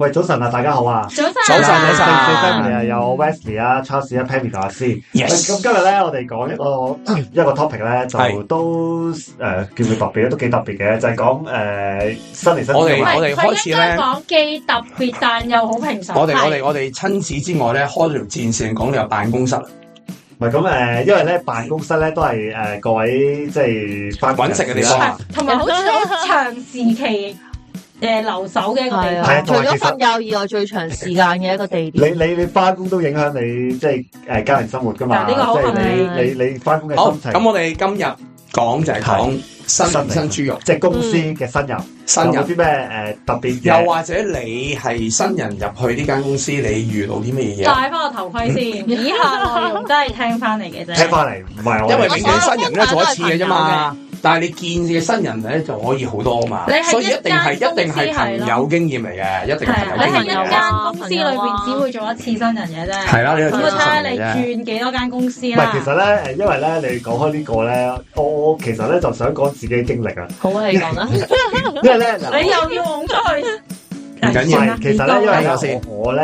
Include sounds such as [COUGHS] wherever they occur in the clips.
喂，早晨啊，大家好啊，早晨，早晨，早晨，你有 Wesley 啊，Charles 啊，Pam 同阿 Sosze Yes。咁今日咧，我哋講一個 [COUGHS] 一個 topic 咧，就都誒，叫佢、 [COUGHS] 呃、特別都幾特別嘅，就係講誒新嚟新來。我哋我哋開始咧，講既特別但又好平常。我哋我哋我哋親子之外咧，開咗條戰線，講到有辦公室。唔係咁誒，因為咧辦公室咧都係誒、呃、各位即係揾食嘅地方同埋好長時期。誒，留守嘅一個地方，除咗瞓覺以外最長時間嘅一個地點。你你你翻工都影響你即係誒家庭生活噶嘛？即係你你你翻工嘅心情。好，咁我哋今日講就係講新新豬肉，即係公司嘅新人，新人有啲咩誒特別？又或者你係新人入去呢間公司，你遇到啲咩嘢？戴翻個頭盔先，以下真係聽翻嚟嘅啫，聽翻嚟唔係我，因為明年新人咧做一次嘅啫嘛。但係你見嘅新人咧就可以好多嘛，所以一定係一定係朋友經驗嚟嘅，一定係朋友經驗嚟嘅。你喺間公司裏邊只會做一次新人嘅啫，係啦，咁我睇下你轉幾多間公司啦。唔係，其實咧，因為咧，你講開呢個咧，我其實咧就想講自己經歷啦。好啊，你講啦。因為咧，你又要戇去，唔緊要啦。其實咧，因為有時，我咧，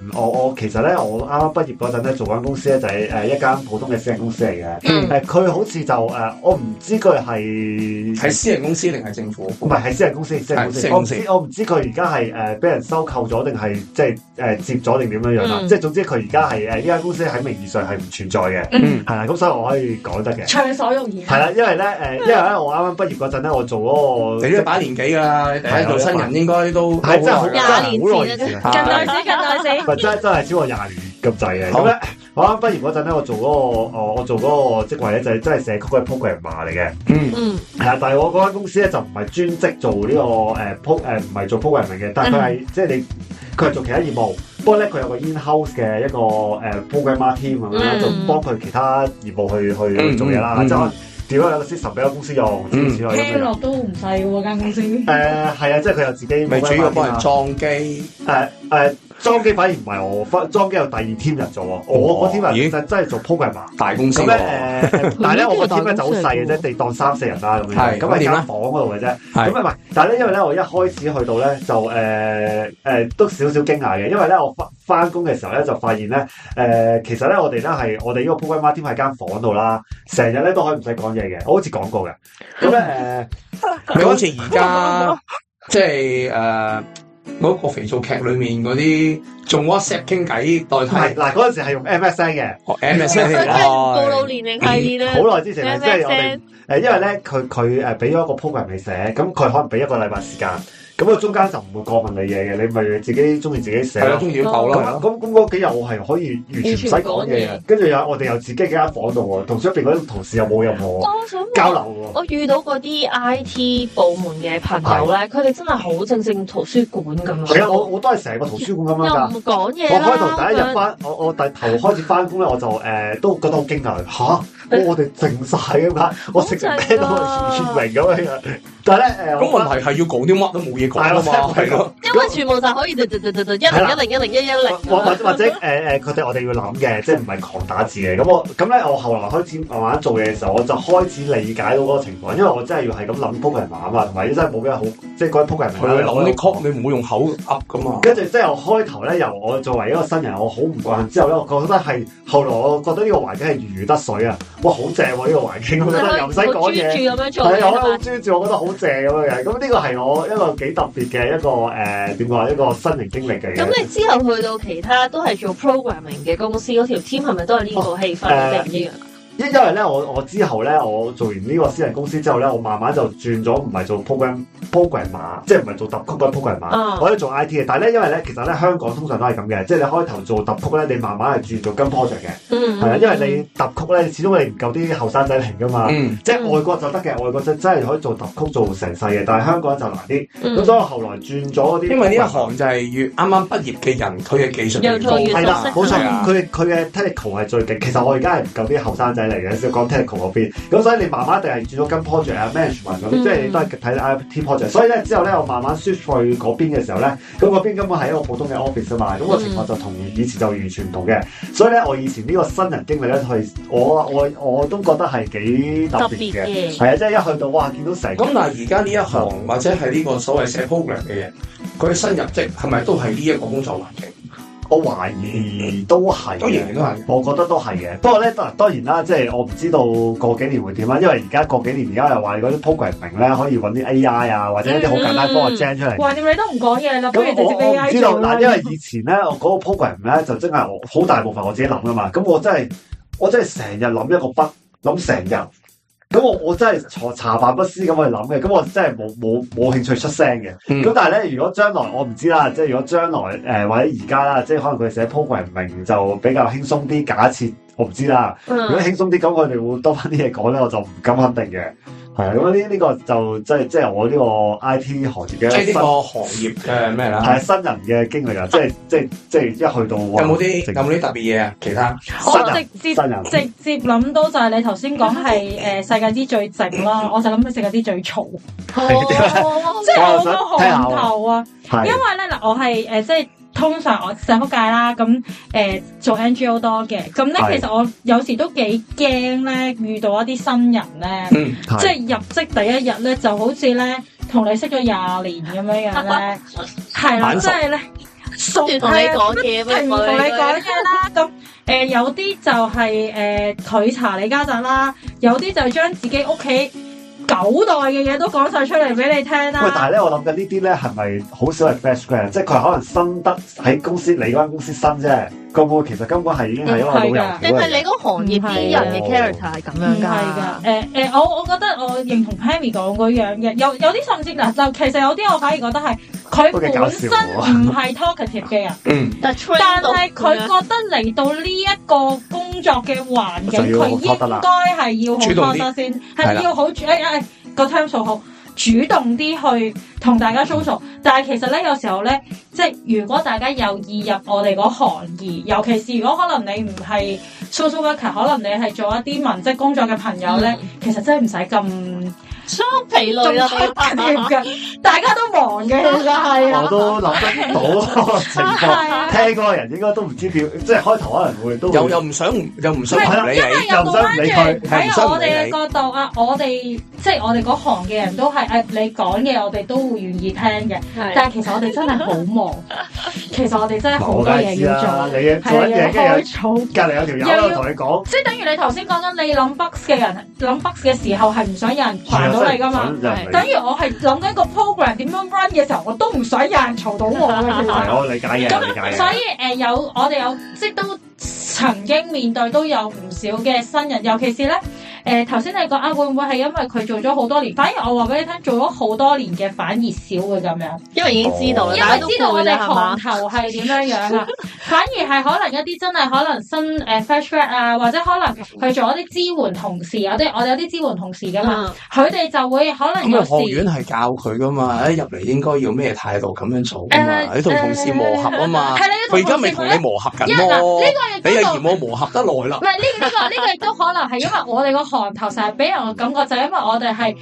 誒。我我其實咧，我啱啱畢業嗰陣咧，做間公司咧就係誒一間普通嘅私人公司嚟嘅。誒、嗯、佢好似就誒，我唔知佢係係私人公司定係政府公司，唔係係私人公司。私人公司，私人公司我唔知佢而家係誒俾人收購咗定係即係誒接咗定點樣樣啦、嗯。即係總之佢而家係誒呢間公司喺名義上係唔存在嘅。嗯，係啦，咁所以我可以講得嘅。暢所欲言，係啦，因為咧誒、嗯，因為咧我啱啱畢業嗰陣咧，我做嗰個你都一把年紀㗎啦，喺度新人應該都係真係好真係好耐嘅啫。近代史，近代史。 [LAUGHS] 真真係超過廿年咁滯嘅。好咧，我啱畢業嗰陣咧，我做嗰、那個，我做個職位咧，就係真係寫 code 嘅 programmer 嚟嘅。嗯嗯，係啊，但係我嗰間公司咧就唔係專職做呢、這個誒 r 誒，唔、嗯、係、啊、做 programmer 嘅，但係佢係即係你，佢係做其他業務。不過咧，佢有個 in house 嘅一個誒 programmer team 咁樣，就幫佢其他業務去去做嘢啦。即、嗯、係、啊嗯就是、我調去另一個，system、嗯、俾個公司用之類咁樣。聽落都唔細喎，間公司。誒、啊，係啊，即係佢又自己未主要幫人撞機，誒、啊、誒。啊裝機反而唔係我，裝機有第二 team 人做，哦、我嗰 team 人 a m 真真係做 programmer 大公司、哦。咁、呃、咧， [LAUGHS] 但係咧我個添 e 咧就好細嘅啫， [LAUGHS] 地當三四人啦咁樣。咁係間房嗰度嘅啫。咁係咪？但係咧，因為咧我一開始去到咧就誒誒、呃呃、都少少驚訝嘅，因為咧我翻翻工嘅時候咧就發現咧誒、呃、其實咧我哋咧係我哋呢個 programmer 添喺間房度啦，成日咧都可以唔使講嘢嘅，我好似講過嘅。咁、嗯、咧，你、呃、 [LAUGHS] 好似而家即係誒。呃嗰、那個肥皂劇裏面嗰啲仲 WhatsApp 傾偈代替，嗱嗰陣時係用 MSN 嘅，MSN 真係過老年齡界線啦。好、嗯、耐之前咧，即係我哋誒，因為咧佢佢誒俾咗一個 program 你寫，咁佢可能俾一個禮拜時間。咁啊，中間就唔會過問你嘢嘅，你咪自己中意自己寫，中意點做咯。咁咁嗰幾日我係可以完全唔使講嘢嘅。跟住有我哋又自己幾間房度喎，同出邊嗰啲同事又冇任何交流喎。我遇到嗰啲 IT 部門嘅朋友咧，佢哋真係好正正圖書館咁。係啊，我我，我，我都係成個圖書館咁樣㗎。唔講嘢我開頭第一日翻，我我第頭開始翻工咧，我就誒、呃、都覺得好驚訝。吓、啊欸？我哋靜晒㗎嘛，我食日咩都係匿名咁樣。但係咧，誒、呃，咁問題係要講啲乜都冇嘢講咯，因為全部就可以就就就就一零一零一零一一零，或或者誒誒，佢哋我哋要諗嘅，即係唔係狂打字嘅。咁我咁咧，我後來開始慢慢做嘢嘅時候，我就開始理解到嗰個情況，因為我真係要係咁諗 programmer 啊嘛，同埋真係冇咩好，即 programmer 啦。佢會諗啲 code 你唔會用口噏噶嘛？跟住即係我開頭咧，由我作為一個新人，我好唔慣。之後咧，我覺得係後來我覺得呢個環境係如魚得水啊！哇，好正喎呢個環境，又唔使講嘢，係啊，我覺得好。謝咁樣嘅，咁呢個係我一個幾特別嘅一個誒，點講，呃、一個新人經歷嘅。咁你之後去到其他都係做 programming 嘅公司，嗰 [LAUGHS] 條 team 係咪都係呢個氣氛定唔一樣？呃就是這個，因因為咧，我我之後咧，我做完呢個私人公司之後咧，我慢慢就轉咗，唔係做 program program 碼，即係唔係做特曲嘅 program 碼、啊，我咧做 I T 嘅。但係咧，因為咧，其實咧，香港通常都係咁嘅，即係你開頭做特曲咧，你慢慢係轉做跟 project 嘅，係、嗯、啊，因為你特曲咧，始終你唔夠啲後生仔嚟噶嘛，嗯、即係外國就得嘅，外國就真真係可以做特曲做成世嘅，但係香港就難啲。咁、嗯、所以我後來轉咗啲，因為呢一行就係越啱啱畢業嘅人，佢嘅技術係啦，好在佢佢嘅 technical 係最勁。其實我而家係唔夠啲後生仔，嚟嘅，即係講 technical 嗰邊，咁所以你慢慢定係轉咗跟 project 啊 management 咁，即係你都係睇 I T project。所以咧，之後咧，我慢慢 switch 去嗰邊嘅時候咧，咁嗰邊根本係一個普通嘅 office 啊嘛。咁、個情況就同以前就完全唔同嘅、嗯。所以咧，我以前呢個新人經歷咧，係我我我都覺得係幾特別嘅。係啊，即係一去到哇，見到成咁。但係而家呢一行、嗯、或者係呢個所謂寫 program 嘅嘢，佢嘅新入職係咪都係呢一個工作環境？我懷疑都係，當然都係。我覺得都係嘅。不過咧，當然啦，即係我唔知道過幾年會點啦。因為而家過幾年，而家又話嗰啲 programming 咧可以搵啲 AI 啊、嗯，或者一啲好簡單幫我 generate。橫掂你都唔講嘢啦，咁我我唔知道嗱，但因為以前咧，我 [LAUGHS] 嗰個 program 呢咧就真係我好大部分我自己諗噶嘛。咁我真係我真係成日諗一個 bug，諗成日。咁我我真係茶茶飯不思咁去諗嘅，咁我真係冇冇冇興趣出聲嘅。咁、嗯、但係咧，如果將來我唔知啦，即係如果將來誒、呃、或者而家啦，即係可能佢寫 po 文唔明就比較輕鬆啲。假設。我唔知啦、嗯，如果輕鬆啲，咁我哋會多翻啲嘢講咧，我就唔敢肯定嘅。係啊，咁呢呢個就即係即係我呢個 IT 行業嘅呢個、呢個行業嘅咩啦？係新人嘅經歷啊！即係即係即係一去到有冇啲有冇啲特別嘢啊？其他我直接直接諗到就係你頭先講係誒世界之最靜啦、嗯，我就諗到世界之最嘈，哦。哦，即係、哦、我都好頭啊！係、啊，因為咧嗱，我係誒、呃、即係。通常我社福界啦，咁誒、呃、做 NGO 多嘅，咁咧其實我有時都幾驚咧，遇到一啲新人咧、嗯，即係入職第一日咧，就好似咧同你識咗廿年咁樣樣咧，係 [LAUGHS] 啦，即係咧熟同你講嘢，唔同你講嘢啦。咁誒有啲就係誒佢查你家宅啦，有啲就將自己屋企九代嘅嘢都講晒出嚟俾你聽啦、啊。喂，但係呢，我諗緊呢啲呢係咪好少係 fresh grad？即係佢可能新得喺公司你嗰間公司新啫。個其實根本係已經係因為呢樣，係㗎。定係你嗰行業啲人嘅 character 係咁樣㗎。係㗎。誒、嗯、誒、呃呃，我我覺得我認同 Pammy 講嗰樣嘅。有有啲甚至嗱，就其實有啲我反而覺得係佢本身唔係 talkative 嘅人。 [LAUGHS] 嗯。但係佢覺得嚟到呢一個工作嘅環境，佢應該係要好主動啲先，係要好主動。個 temper 好。主動啲去同大家 social 但係其實咧，有時候咧，即係如果大家有意入我哋嗰行業，尤其是如果可能你唔係 social worker 嗰，可能你係做一啲文職工作嘅朋友咧，其實真係唔使咁。好疲累咯，大家嘅大家都忙嘅，係啊，我都諗得到個情況，聽過嘅人應該都唔知叫，即係開頭可能會都又又唔想，又唔想理你，又唔想理佢。喺我哋嘅角度啊，我哋即係我哋嗰行嘅人都係誒，你講嘢我哋都會願意聽嘅，但係其實我哋真係好忙，其實我哋真係好多嘢要做，係啊，跟住出隔籬有條友咧同你講，即係等於你頭先講緊你諗 box 嘅人諗 box 嘅時候係唔想有人。到你噶嘛。等於我係諗緊個 program 點樣 run 嘅時候，我都唔想有人嘈到我。我 [LAUGHS] 理那麼 [LAUGHS] 解嘅，咁所以誒、呃、有我哋有即都曾經面對都有唔少嘅新人，尤其是咧。誒頭先你講啊，會唔會係因為佢做咗好多年？反而我話俾你聽，做咗好多年嘅反而少會咁樣，因為已經知道啦，因為知道我哋行頭係點樣樣啦， [LAUGHS] 反而係可能一啲真係可能新 fresh grad 啊， [LAUGHS] 或者可能佢做咗一啲支援同事，有啲我有啲支援同事噶嘛，佢、嗯、哋就會可能。咁學院係教佢噶嘛，喺入嚟應該要咩態度咁樣做、呃、你同同事磨合啊嘛，係你佢而家咪同磨你磨合緊咯。這個就是，你係嫌我磨合得耐啦？唔係呢個呢個都、這個、可能係因為我哋 [LAUGHS] 行頭成日俾人感覺就係、是、因為我哋係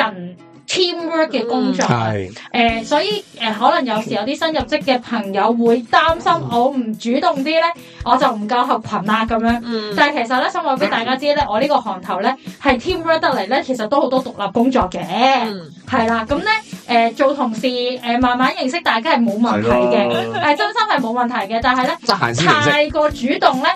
人 teamwork 嘅工作，誒、嗯呃，所以誒、呃、可能有時有啲新入職嘅朋友會擔心我唔主動啲咧、嗯，我就唔夠合群啦咁樣。嗯、但係其實咧，想話俾大家知咧、嗯，我呢個行頭咧係 teamwork 得嚟咧，其實都好多獨立工作嘅，係、嗯、啦。咁咧誒做同事誒、呃、慢慢認識大家係冇問題嘅，係真、啊、心係冇問題嘅。但係咧太過主動咧。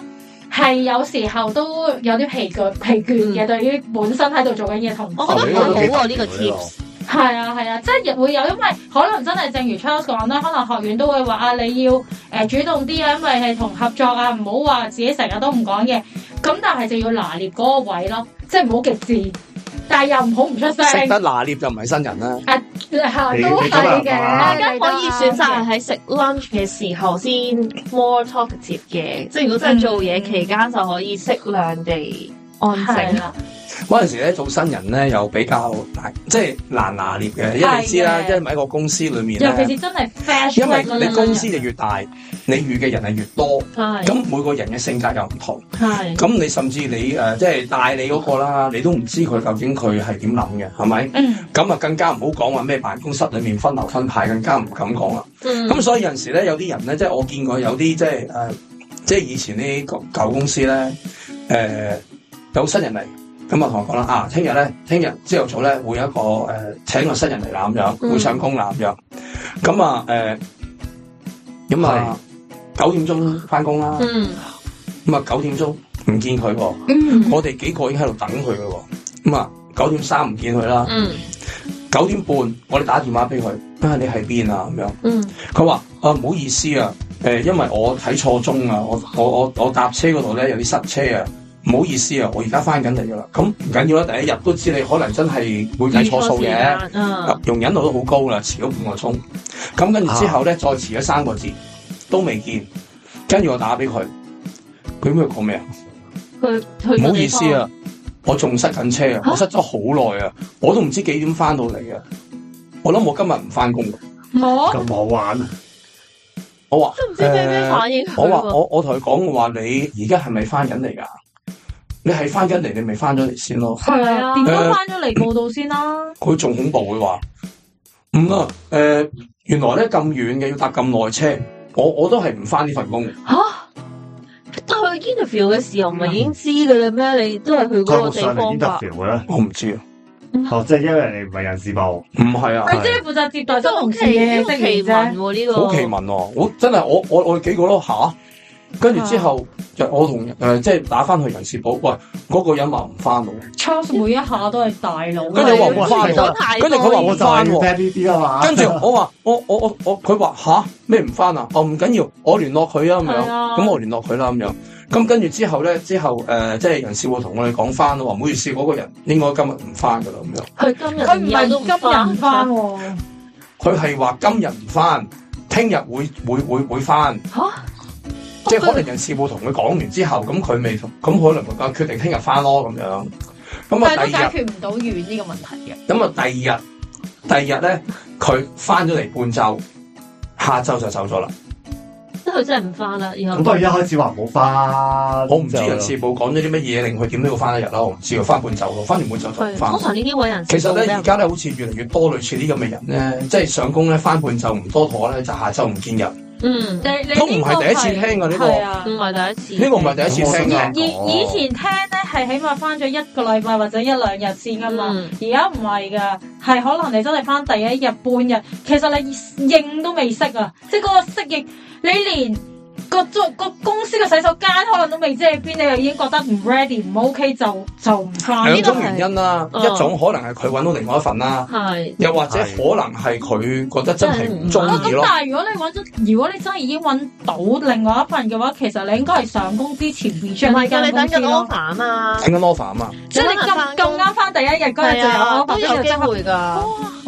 係有時候都有啲疲倦疲倦嘅，對於本身喺度做緊嘢同事、啊，我覺得這好過呢、這個 tips。係啊係啊,啊，即係會有因為可能真係正如 Charles 講啦，可能學院都會話啊，你要誒、呃、主動啲啊，因為係同合作啊，唔好話自己成日都唔講嘢咁但係就要拿捏嗰個位咯，即係唔好極致，但係又唔好唔出聲。識得拿捏就唔係新人啦。啊係都係嘅，大家、啊、可以選擇喺食 lunch 嘅時候先 more talkative 嘅，即係如果真係做嘢期間就可以適量地安靜。嗯嗰陣時咧做新人咧又比較難，即係難拿捏嘅。因為你知啦，因為喺個公司裏面，尤其是真係，因為你公司就越大，你遇嘅人係越多，咁每個人嘅性格又唔同，咁你甚至你、呃、即係帶你嗰、那個啦，你都唔知佢究竟佢係點諗嘅，係咪？咁、嗯、啊更加唔好講話咩辦公室裏面分流分派，更加唔敢講啦。咁、嗯、所以有陣時咧，有啲人咧，即係我見過有啲即係、呃、即係以前啲舊公司咧，誒、呃、有新人嚟。咁我同我講啦，啊，聽日咧，聽日朝頭早咧會有一個誒、呃，請個新人嚟啦，咁、嗯、樣會上工啦，咁樣。咁啊，誒、呃，咁啊，九點鐘翻工啦。咁、嗯、啊，九點鐘唔見佢、嗯，我哋幾個已經喺度等佢噶。咁啊，九點三唔見佢啦。九點半我哋打電話俾佢，啊，你喺邊啊？咁樣。佢、嗯、話：啊，唔好意思啊，誒，因為我睇錯鐘啊，我我我我搭車嗰度咧有啲塞車啊。.唔好意思啊，我而家翻緊嚟噶啦，咁唔緊要啦。第一日都知你可能真係會計錯數嘅，容、啊、忍度都好高啦。遲咗五個鐘，咁跟住之後咧、啊，再遲咗三個字都未見，跟住我打俾佢，佢咩佢講咩啊？佢佢，唔好意思啊，我仲塞緊車啊，我塞咗好耐啊，我都唔知幾點翻到嚟啊。我諗我今日唔翻工，冇咁好玩啊！我話都唔知你咩反應。我話我我同佢講，我話你而家係咪翻緊嚟噶？你係翻緊嚟，你咪翻咗嚟先咯。係啊，點解翻咗嚟報道先啦。佢、呃、仲恐怖話，佢話唔啊，誒、呃，原來咧咁遠嘅，要搭咁耐車，我我都係唔翻呢份工。吓、啊，但係 interview 嘅時候唔係已經知噶啦咩？你都係去 interview 嗰個地方噶。我唔知啊、嗯，哦，即、就、係、是、因為人哋唔係人事部，唔係啊，係即係負責接待新同事嘅，奇呢個，好奇聞哦、啊啊啊啊，我真係我我我幾個咯吓，跟、啊、住、啊、之後。就我同誒、呃，即係打翻去人事部喂，嗰、那個人話唔翻咯。Charles 每一下都係大佬，跟住話唔翻，跟住佢話唔翻，跟住我翻啊嘛。跟住我話我我我我，佢話吓咩唔翻啊？哦唔緊要，我聯絡佢啊，咁樣。咁我聯絡佢啦，咁樣。咁跟住之後咧，之後誒、呃，即係人事部我同我哋講翻咯。話唔好意思，嗰、那個人應該今日唔翻噶啦，咁樣。佢今日，佢唔係到今日唔翻，佢係話今日唔翻，聽日會會會會翻。吓？啊 Okay. 即係可能人事部同佢講完之後，咁佢未同，咁可能唔夠決定聽日翻咯咁樣。咁啊，但係都解決唔到遠呢個問題嘅。咁啊，第二日，第二日咧，佢翻咗嚟半晝，下晝就走咗啦。即係佢真係唔翻啦，以後。咁不如一開始話唔好翻，我唔知人事部講咗啲乜嘢，令佢點都要翻一日啦，我唔知佢翻半晝，翻完半晝就翻。通常呢啲位人，其實咧而家咧好似越嚟越多類似呢咁嘅人咧、嗯，即係上工咧翻半晝唔多妥咧，就下晝唔見人。嗯，你你呢個啲，係啊，唔係第一次。呢個唔係第一次聽，以以前聽咧，係起碼返咗一個禮拜或者一兩日先㗎嘛，而家唔係㗎，係可能你真係返第一日半日，其實你認都未識啊，即係嗰個適應，你連。個個公司嘅洗手間可能都未知喺邊，你又已經覺得唔 ready 唔 OK 就就唔返。兩、這、種、個、原因啦、啊，uh, 一種可能係佢揾到另外一份啦、啊，又或者可能係佢覺得真係唔中意咯。咁但係如果你揾咗，如果你真係已經揾到另外一份嘅話，其實你應該係上工之前，唔係你等緊 offer 嘛？等緊 offer 嘛？即係你咁啱返第一日嗰日就有 offer，都有機會噶，好、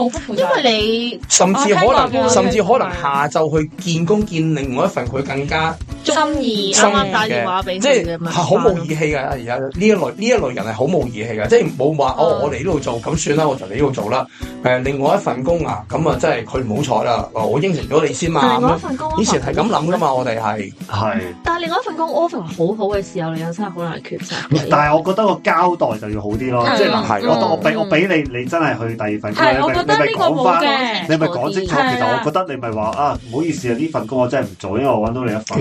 哦、複雜。因為你甚至可能、啊啊、甚至可能下晝去見工見另外一份，佢更加。心意啱啱打電話俾即係好冇義氣嘅而家呢一類呢一類人係好冇義氣嘅，即係冇話我我嚟呢度做咁算啦，我就你呢度做啦。誒、呃，另外一份工啊，咁、嗯、啊，即係佢唔好彩啦。我應承咗你先嘛。份工，以前係咁諗噶嘛，我哋係係。但係另外一份工 offer 好好嘅時候，你又真係好難抉擇。但係我覺得個交代就要好啲咯，即係嗱，我我俾我俾你，你真係去第二份工。係我覺得呢個冇你咪講清楚，其實我覺得你咪話啊，唔好意思啊，呢份工我真係唔做，因為我搵到你一份。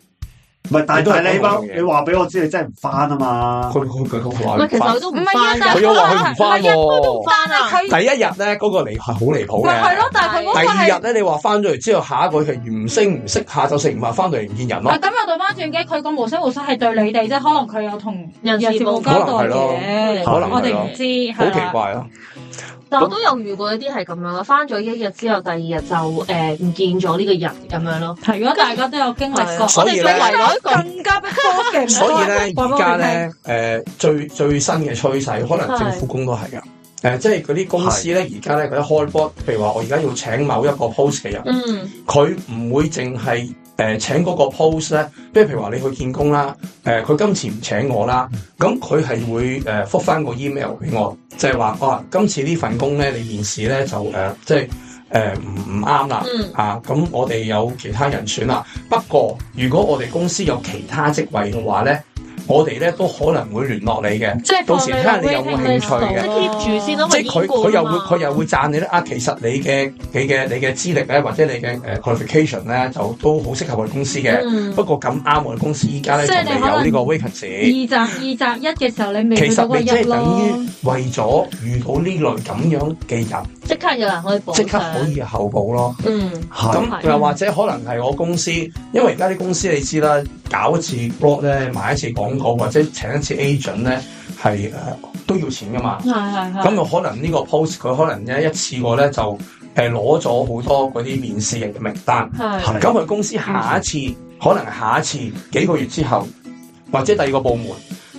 唔係，但係都係你班。你話俾我知，你真係唔翻啊嘛？佢係，其實佢都唔翻。佢都話唔翻。佢都翻，翻，翻啊！第一日咧，嗰個嚟係好離譜嘅。係咯，但係佢嗰個。第二日咧，你話翻咗嚟之後，下一個係唔聲唔識，識下晝食唔返翻到嚟唔見人咯。咁又對翻轉機，佢個無聲無息係對你哋啫，可能佢有同人事部交代嘅，我哋唔知好奇怪咯、啊！但我都有遇過一啲係咁樣咯，翻咗一日之後，第二日就誒唔、呃、見咗呢個人咁樣咯。如果大家都有經歷過，更加多嘅， [LAUGHS] 所以咧而家咧，誒、 [LAUGHS] 呃、最最新嘅趨勢，可能政府工都係噶，誒、呃、即係嗰啲公司咧，而家咧佢一開波，譬如話我而家要請某一個 post 嘅人，嗯，佢唔會淨係誒請嗰個 post 咧，即係譬如話你去見工啦，誒、呃、佢今次唔請我啦，咁佢係會誒覆翻個 email 俾我，就係、是、話啊今次呢份工咧你面試咧就誒、呃、即是。誒唔唔啱啦，咁我哋有其他人選啦。不過，如果我哋公司有其他職位嘅話呢，我哋咧都可能會聯絡你嘅，即你到時睇下你有冇興趣嘅。即係佢佢又會佢又會讚你咧啊！嗯、其實你嘅你嘅你嘅資歷咧，或者你嘅誒 qualification 咧，就都好適合我哋公司嘅。嗯、不過咁啱我哋公司依家咧就未有呢個 vacancy 二集二集一嘅時候，你未到其實你即係等於為咗遇到呢類咁樣嘅人，即、嗯、刻有人可以即刻可以後補咯。嗯，咁又或者可能係我公司，因為而家啲公司你知啦。搞一次 blog 咧，買一次廣告或者請一次 agent 咧，係、呃、都要錢噶嘛。係係係，咁可能呢個 post 佢可能咧一次過咧就攞咗好多嗰啲面試嘅名單。咁佢公司下一次係，係可能下一次幾個月之後，或者第二個部門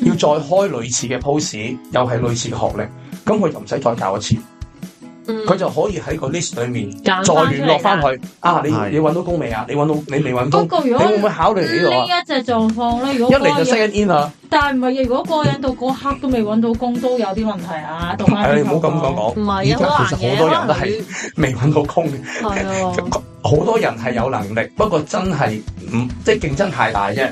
要再開類似嘅 post，又係類似嘅學歷，咁佢就唔使再搞一次。佢就可以喺個 list 裏面再聯絡翻佢。啊，你你搵到工未啊？你搵到你未搵到工？不過如果你會唔會考慮你隻狀況呢呢一隻狀況咧，如果一嚟就 set in 啊，但係唔係？如果個人到嗰刻都未搵到工，都有啲問題啊。同埋你唔好咁講，唔係，而家其實好多人都係未搵到工嘅。好多人係有能力，不過真係唔即係競爭太大啫。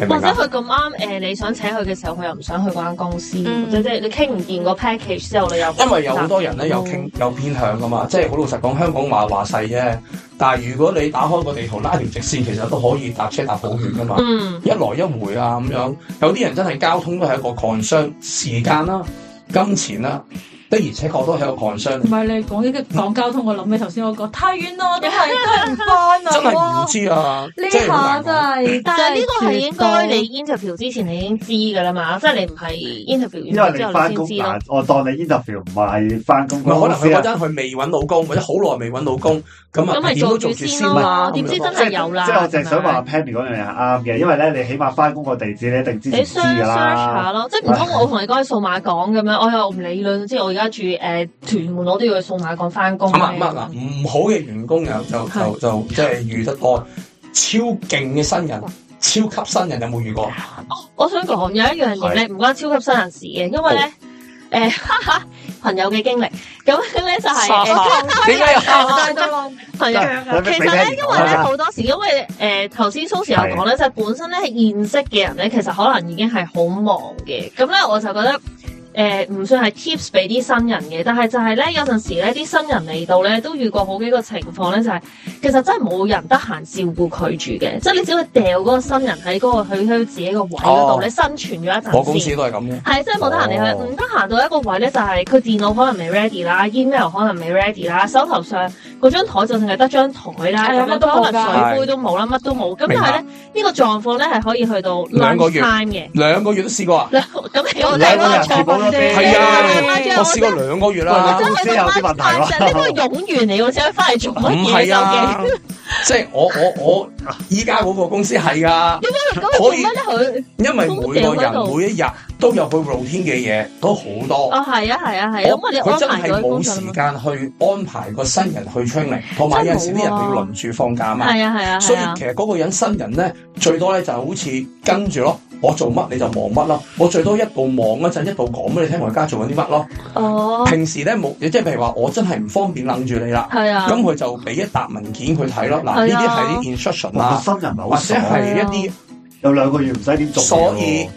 或者佢咁啱誒，你想請佢嘅時候，佢又唔想去嗰間公司，即、嗯、係你傾唔掂個 package 之後，你又因為有好多人咧、嗯，有傾有偏向噶嘛，即係好老實講，香港話話細啫。但如果你打開個地圖，拉條直線，其實都可以搭車搭好遠噶嘛、嗯，一來一回啊咁樣。有啲人真係交通都係一個 concern，時間啦、啊，金錢啦、啊。的而且確都喺個 concern，唔係你講啲講交通，我諗起頭先我個太遠咯，太遠 [LAUGHS] 真係都唔翻啊！真係唔知啊！呢下真係，但係呢、嗯、個係應該你 interview 之前你已經知㗎啦嘛，即係你唔係 interview 完之後你先知、啊、我當你 interview 唔係翻工。可能佢嗰陣佢未揾老公，或者好耐未揾老公咁咁點都做住先嘛？點知真係有啦？即、就、係、是就是、我淨係想話 Pam 嗰樣係啱嘅，因為咧你起碼翻工個地址你一定知你啦。Search 下咯，即係唔通我同你嗰啲數碼講嘅咩？我又唔理論，即係我。而家住誒屯門我要送，嗯，攞啲嘢去數碼港翻工。嗱、嗯，唔好嘅員工又就就就即係遇得多，超勁嘅新人，超級新人有冇遇過？啊、我想講有一樣嘢咧，唔關超級新人事嘅，因為咧誒、哎哈哈，朋友嘅經歷，咁咧就係朋友。其實咧，因為咧好、嗯、多時，因為誒，頭先蘇 Sir 講咧，就本身咧係認識嘅人咧，其實可能已經係好忙嘅，咁咧我就覺得。誒、呃，唔算係 tips 俾啲新人嘅，但係就係咧，有陣時咧，啲新人嚟到咧，都遇過好幾個情況咧、就係，就係其實真係冇人得閒照顧佢住嘅，即 [LAUGHS] 係你只要掉嗰個新人喺嗰個佢佢自己個位嗰度，oh，你生存咗一陣。我公司都係咁嘅。係，真係冇得閒嚟去，唔得閒到一個位咧，就係、係、佢電腦可能未 ready 啦，email 可能未 ready 啦，手頭上。嗰張台就淨係得張台啦，咁都可能水杯都冇啦，乜都冇。咁但係咧，呢、呢個狀況咧係可以去到兩個月嘅。兩個月都試過啊！咁 [LAUGHS] [LAUGHS] 我哋我試過兩個月啦、啊。我試過兩個月啦。即係我試個我個、啊啊我，個 [LAUGHS] 啊即係、我。我我. [LAUGHS] 依家嗰個公司係啊，因為每個人每一日都有佢 routine 嘅嘢，都好多。哦，係啊，係啊，係啊。佢真係冇時間去安排個新人去 training，同埋有陣、啊、時啲人要輪住放假嘛。係啊，係啊，啊，所以其實嗰個人新人咧，最多咧就好似跟住咯，我做乜你就忙乜咯。我最多一度忙一陣，一度講俾你聽我而家做緊啲乜咯。哦、oh，平時咧冇，即係譬如話我真係唔方便帶住你啦。係啊，咁佢就俾一沓文件佢睇咯。嗱，呢啲係 instruction、啊。啊。嗱，新人是或者係一啲有兩個月唔使點做、啊、所以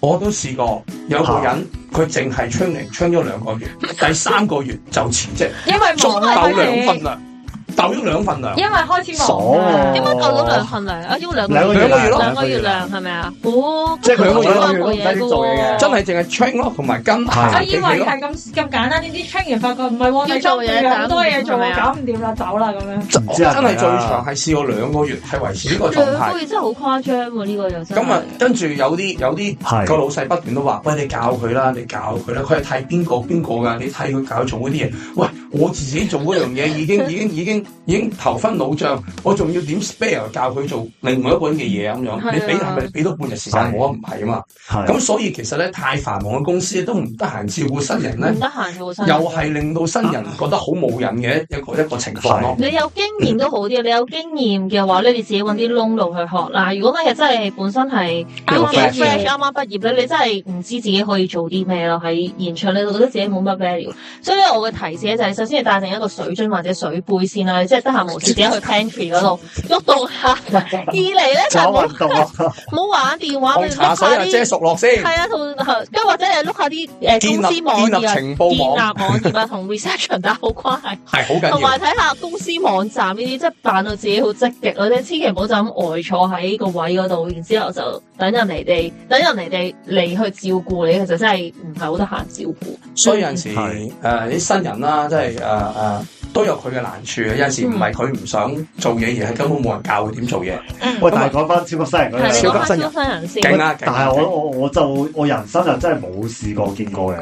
我都試過有個人佢淨係 train 嚟 train 咗兩個月， [LAUGHS] 第三個月就辭職，因為做夠兩分啦。 [LAUGHS] 斗咗兩份糧，因為開始忙爽啊，點解過到兩份糧？啊，要兩個月，兩個月咯，兩個月糧係咪啊？哦，即係兩個月,兩個月,兩個月,兩個月做嘢嘅，真係淨係 train 咯，同埋跟排。我以為係咁咁簡單，呢啲 train 完發覺唔係喎，你做嘢咁多嘢做啊，做搞唔掂啦，走啦咁樣。是是真係最長係試過兩個月，係維持呢個狀態。兩個月真係好誇張呢個又真。咁啊，這個、真 [LAUGHS] 跟住有啲有啲、嗰個老細不斷都話：喂，你教佢啦，你教佢啦。佢係睇邊個邊個噶？你睇佢搞重啲嘢，喂。 [LAUGHS] 我自己做嗰樣嘢已經已經已經。 [LAUGHS] 已經已經已經已經頭昏腦脹，我仲要點 spare 教佢做另外一個人嘅嘢咁樣？你俾係咪俾多半日時間我唔係啊嘛？咁所以其實咧，太繁忙嘅公司都唔得閒照顧新人咧，唔得閒照顧新人又係令到新人覺得好冇癮嘅一個一個情況。你有經驗都好啲、嗯、你有經驗嘅話咧，你自己搵啲窿路去學啦。如果今日真係本身係啱啱 fresh 啱啱畢業咧，你真係唔知自己可以做啲咩咯？喺現場你就覺得自己冇乜 value。所以咧，我嘅提示就係、是、首先係帶定一個水樽或者水杯先啦。即係得閒無事，自己去 pantry 嗰度碌動下。二嚟咧就冇冇玩電話，你碌、啊、下啲。拿水熟落先。係啊，同即係或者你碌下啲誒公司網頁啊、建立情報網頁啊、同 [LAUGHS] research 打好關係係好緊要。同埋睇下公司網站呢啲，即係扮到自己好積極咯。你千祈唔好就咁呆坐喺個位嗰度，然之後就等人嚟哋，等人嚟哋嚟去照顧你。其實真係唔係好得閒照顧。所以有陣時誒啲新人啦、啊，即係誒誒。呃都有佢嘅難處啊！有陣時唔係佢唔想做嘢，而係根本冇人教佢點做嘢。喂，但係講翻超級新人，係講翻超級新人先。勁啦！但係我我我就我人生就真係冇試過見過嘅，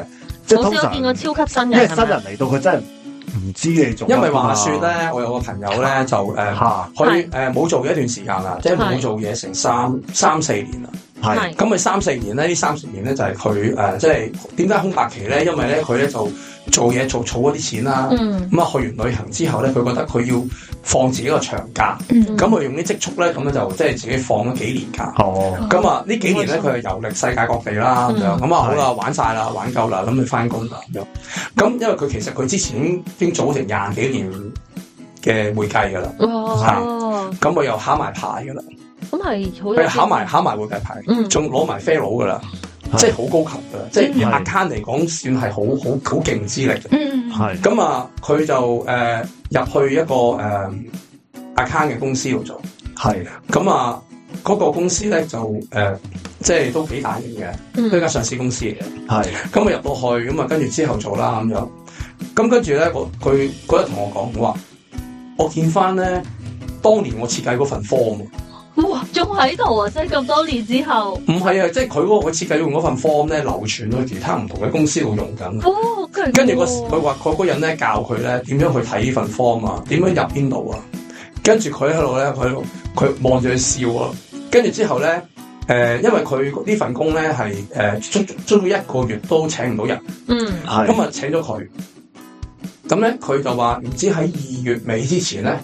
即係通常見過超級新人。因為新人嚟到佢真係唔知你做，因為話説咧，我有個朋友咧就誒，佢誒冇做一段時間啦，即係冇做嘢成三三四年啦，係咁佢三四年咧，這 3, 年呢三四年咧就係佢誒，即係點解空白期咧？因為咧佢咧就。做嘢做儲嗰啲錢啦，咁、嗯、啊去完旅行之後咧，佢覺得佢要放自己個個長假，咁、嗯、佢用啲積蓄咧，咁就即係、就是、自己放咗幾年假。哦，咁啊呢幾年咧，佢係遊歷世界各地啦，咁咁啊好啦，玩晒啦，玩夠啦，諗住翻工啦。咁、嗯、因為佢其實佢之前已經做成廿幾年嘅會計噶啦，哦，咁佢又考埋牌噶啦，咁係好考埋考埋會計牌，仲攞埋 fellow 噶啦。即係好高級嘅，即係 account 嚟講算，算係好好好勁之力、啊呃呃啊那個呃。嗯，咁啊，佢就誒入去一個誒 account 嘅公司度做。咁啊，嗰個公司咧就誒，即係都幾大型嘅，都係間上市公司嚟嘅。咁啊，入、嗯、到去咁啊，跟住之後做啦咁樣。咁跟住咧，我佢嗰日同我講，我話我見翻咧，當年我設計嗰份 form。哇，仲喺度啊！即係咁多年之後，唔係啊，即係佢個設計用嗰份 form 咧，流傳到其他唔同嘅公司度用緊。哦，跟住個佢話佢個人咧教佢咧點樣去睇呢份 form 啊，點樣入邊度啊？跟住佢喺度咧，佢佢望住佢笑啊。跟住之後咧，誒、呃，因為佢呢份工咧係誒，足足一個月都請唔到人。嗯，係咁啊，請咗佢。咁咧，佢就話唔知喺二月尾之前咧，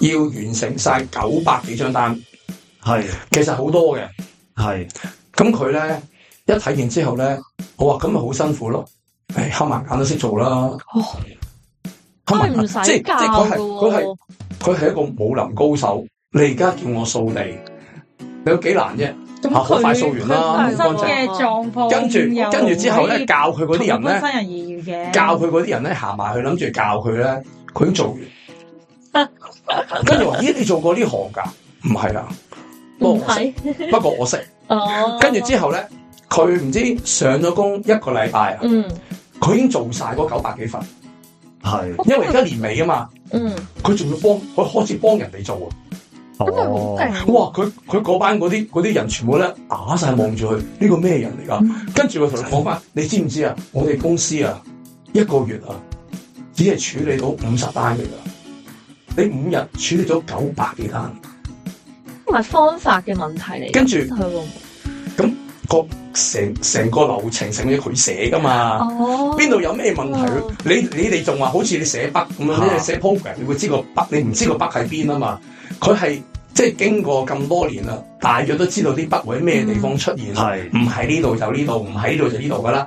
要完成晒九百幾張單。係，其實好多嘅。係，咁佢咧一睇完之後咧，我話咁咪好辛苦咯，誒、哎，瞌埋眼都識做啦。哦，瞌埋眼即係即係佢係佢係佢係一個武林高手，你而家叫我掃地，你有幾難啫，好、啊、快掃完啦，嘅狀況。跟住跟住之後咧，教佢嗰啲人咧，教佢嗰啲人咧，行埋去諗住教佢咧，佢都做完。跟住話咦，你做過呢行噶？唔係啦。不過我識不，不過我識。 [LAUGHS] 哦，跟住之後咧，佢唔知上咗工一個禮拜啊。嗯，佢已經做晒嗰九百幾份。係，因為而家年尾啊嘛。嗯，佢仲要幫，佢開始幫人哋做啊。咁、哦、好哇！佢佢嗰班嗰啲嗰啲人全部咧打晒望住佢，呢個咩人嚟噶？嗯、佢跟住佢同你講翻，你知唔知啊？我哋公司啊、嗯，一個月啊，只係處理到五十單嚟噶。你五日處理咗九百幾單。係方法嘅問題嚟，跟住，咁、那個成成個流程成嘢佢寫噶嘛？哦，邊度有咩問題？你你哋仲話好似你寫筆咁樣，寫 program，你會知個筆，你唔、啊、知道個筆喺邊啊嘛？佢係即係經過咁多年啦，大約都知道啲筆會喺咩地方出現，係唔喺呢度就呢度，唔喺度就呢度噶啦。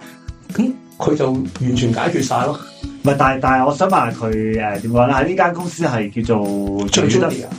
咁佢就完全解決晒咯。唔、嗯、係，但但係我想問下佢誒點講咧？呃、怎麼說呢間、嗯、公司係叫做最專業。啊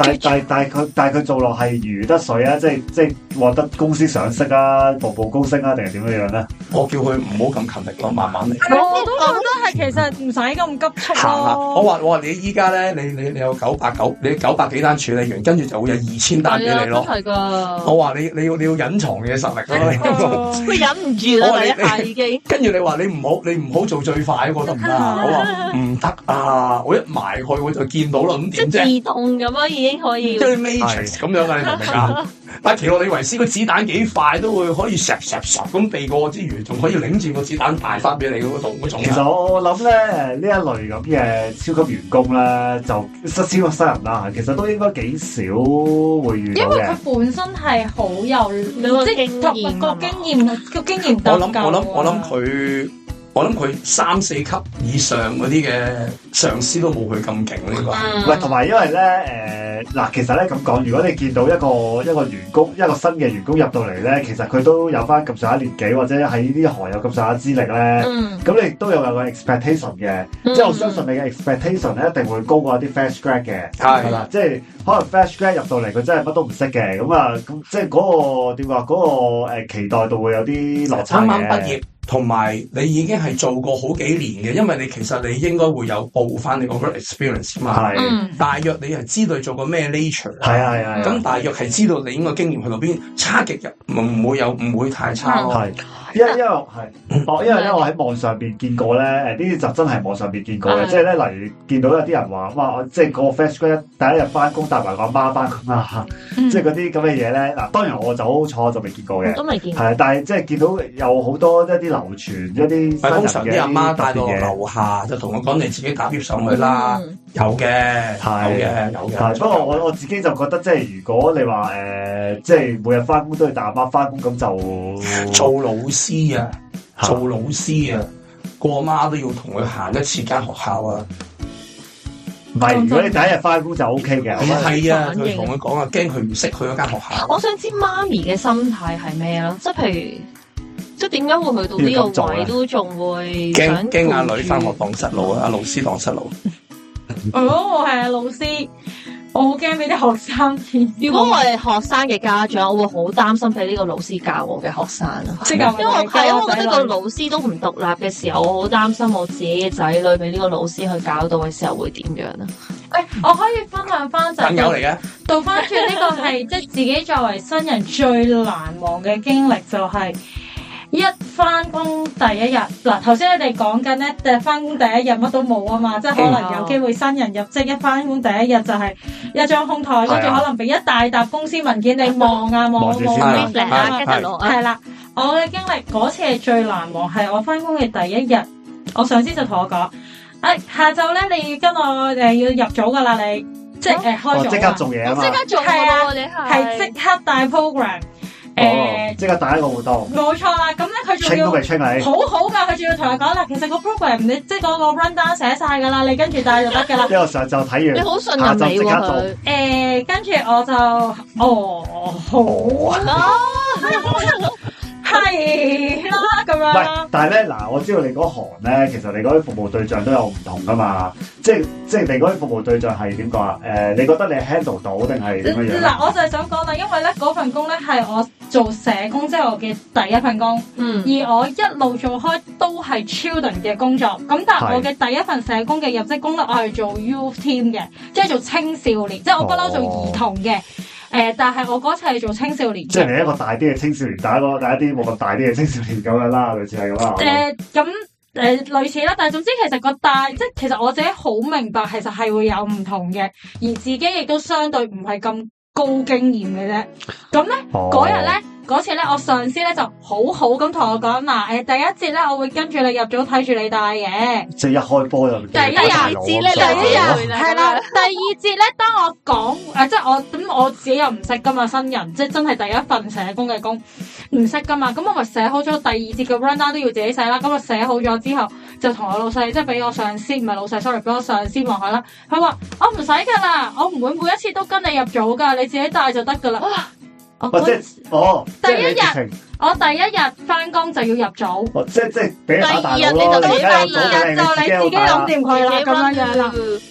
但但但佢但佢做落係如魚得水啊！即係即係獲得公司賞識啊，步步高升啊，定係點樣樣咧？我叫佢唔好咁勤力、啊哦哦哦哦哦哦啊，我慢慢嚟。我都覺得係其實唔使咁急促。行行，我話我話你依家咧，你你你有九百九，你九百幾單處理完，跟住就會有二千單俾你咯。係噶、啊。我話你你，你要你要隱藏嘅實力咯、啊。佢 [LAUGHS] 忍唔住我啦，你已經。跟住你話你唔好你唔好做最快的、那個的，我覺得唔得。我話唔得啊！我一埋去看，我就見到啦。咁點知？自動咁樣。最 Matrix 咁樣嘅，你明唔明啊？ [LAUGHS] 但係奇洛李維斯個子彈幾快都會可以咁避過之餘仲可以拎住個子彈排翻俾你種，種。其實我諗咧呢一類咁嘅超級員工咧，就失招新人啦。其實都應該幾少會遇到。因為佢本身係好有即係、個經驗、個經驗、個經驗足夠。我諗我諗我諗佢。我諗佢三四級以上嗰啲嘅上司都冇佢咁勁呢個，唔係，同埋因為咧，誒、呃、嗱，其實咧咁講，如果你見到一個一個員工，一個新嘅員工入到嚟咧，其實佢都有翻咁上下年紀，或者喺呢啲行有咁上下資歷咧，咁、嗯、你亦都有兩個 expectation 嘅。嗯、即係我相信你嘅 expectation 咧，一定會高過一啲 fresh grad 嘅。係啦，即係可能 fresh grad 入到嚟佢真係乜都唔識嘅，咁啊，即係嗰個點話嗰個誒期待度會有啲落差嘅。同埋你已經係做過好幾年嘅，因為你其實你應該會有報翻你個 work experience 嘛。大約你係知道你做過咩 nature。係啊係啊。咁大約係知道你應該經驗去到邊，差極入唔會有唔會太差。係。因因為係，哦， [COUGHS] 因為咧我喺網上邊見過咧，誒呢啲就真係網上邊見過嘅，即係咧例如見到有啲人話，哇，即係個 fresh grad 第一日翻工帶埋個阿媽翻工啊，即係嗰啲咁嘅嘢咧。嗱、嗯就是，當然我就好彩就未見過嘅，都未見，係但係即係見到有好多一啲流傳一啲，通常啲阿媽帶到我樓下就同我講：你自己打 Uber 上去啦。有、嗯、嘅，有嘅，有嘅。不過我我自己就覺得，即係如果你話誒、呃，即係每日翻工都要帶阿媽翻工，咁就做老師。師、嗯、啊，做老師啊，個阿媽都要同佢行一次間學校啊。唔係，如果你第一日翻去就 ok 嘅。係、嗯、啊，佢同佢講啊，驚佢唔識去嗰間學校、啊。我想知媽咪嘅心態係咩咯？即係譬如，即係點解會去到呢個位呢都仲會驚驚阿女翻學蕩失路、嗯、啊？阿老師蕩失路。 [LAUGHS] 如果我係阿老師。 [LAUGHS] 我好驚俾啲學生，如 [LAUGHS] 果我係學生嘅家長，我會好擔心俾呢個老師教我嘅學生。即 [LAUGHS] 因為係我，因 [LAUGHS] 為覺得個老師都唔獨立嘅時候，我好擔心我自己嘅仔女俾呢個老師去教導嘅時候會點樣啊？誒、哎，我可以分享翻就，倒翻轉呢個係即係自己作為新人最難忘嘅經歷就係、是。一翻工第一日，嗱，頭先你哋講緊咧，就翻工第一日乜都冇啊嘛，即係可能有機會新人入職，一翻工第一日就係一張空台，跟住、啊、可能俾一大沓公司文件你望啊望望 program 啊，跟住落啊，係啦，我嘅經歷嗰次係最難忘，係我翻工嘅第一日，我上司就同我講，誒、哎、下晝咧你要跟我誒要入組噶啦你即，啊啊哦、即係誒開咗，即刻做嘢啊嘛，係即刻、啊啊、大 program、嗯。誒，即刻打一個活動，冇錯啦。咁咧佢仲要好好、啊、噶，佢仲要同我講啦。其實個 program [LAUGHS] 你即係個 run down 寫晒噶啦，你跟住帶就得噶啦。呢 [LAUGHS] 個時候就睇完，你好信任你喎佢。誒，uh, 跟住我就，哦，好啊。啦，咁 [NOISE] 樣。但係咧，嗱，我知道你嗰行咧，其實你嗰啲服務對象都有唔同噶嘛，即係即係你嗰啲服務對象係點講啊？誒、呃，你覺得你 handle 到定係點樣？嗱、呃呃，我就係想講啦，因為咧嗰份工咧係我做社工之後嘅第一份工，嗯，而我一路做開都係 children 嘅工作，咁但係我嘅第一份社工嘅入職工作，我係做 youth team 嘅，即係做青少年，哦、即係我不嬲做兒童嘅。誒、呃，但係我嗰次係做青少年，即係你一個大啲嘅青少年，一大一大第一啲冇咁大啲嘅青少年咁樣啦，類似係咁啦，誒，咁、呃、誒、呃、類似啦，但係總之其實個大，即係其實我自己好明白，其實係會有唔同嘅，而自己亦都相對唔係咁高經驗嘅啫。咁咧，嗰日咧。嗰次咧，我上司咧就好好咁同我講嗱，誒，第一節咧我會跟住你入組睇住你帶嘅，即係一開波就，第一日知咧就，係啦， [LAUGHS] 第二節咧當我講誒，即 [LAUGHS] 係、啊就是、我咁我自己又唔識噶嘛，新人，即、就、係、是、真係第一份社工嘅工唔識噶嘛，咁我咪寫好咗第二節嘅 round up 都要自己寫啦，咁啊寫好咗之後就同我老細，即係俾我上司，唔係老細，sorry，俾我上司望下啦，佢話我唔使噶啦，我唔會每一次都跟你入組噶，你自己帶就得噶啦。啊我即係，我第一日，我第一日翻工就要入組。即係即係，第二日你就俾翻組。第二日就你自己諗掂佢啦，跟住。